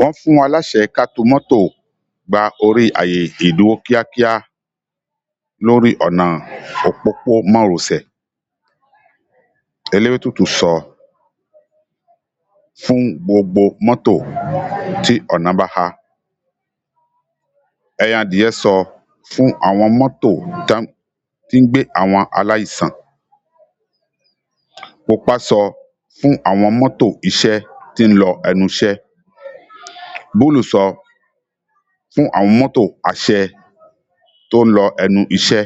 Wọ́n fún wa láṣẹ ká to mọ́tò gba orí ààyè ìdúró kíákíá lórí ọ̀nà òpópó-márosẹ̀. Eléwétùtù sọ fún gbogbo mọ́tò tí ọ̀nà bá há. Ẹyẹ adìẹ sọ fún àwọn mọ́tò tí ń gbé àwọn aláìsàn. Pupa sọ fún àwọn mọ́tò iṣẹ́ tí ń lọ ẹnu iṣẹ́. Bólú sọ fún àwọn mọ́tò àṣẹ tó ń lọ ẹnu iṣẹ́.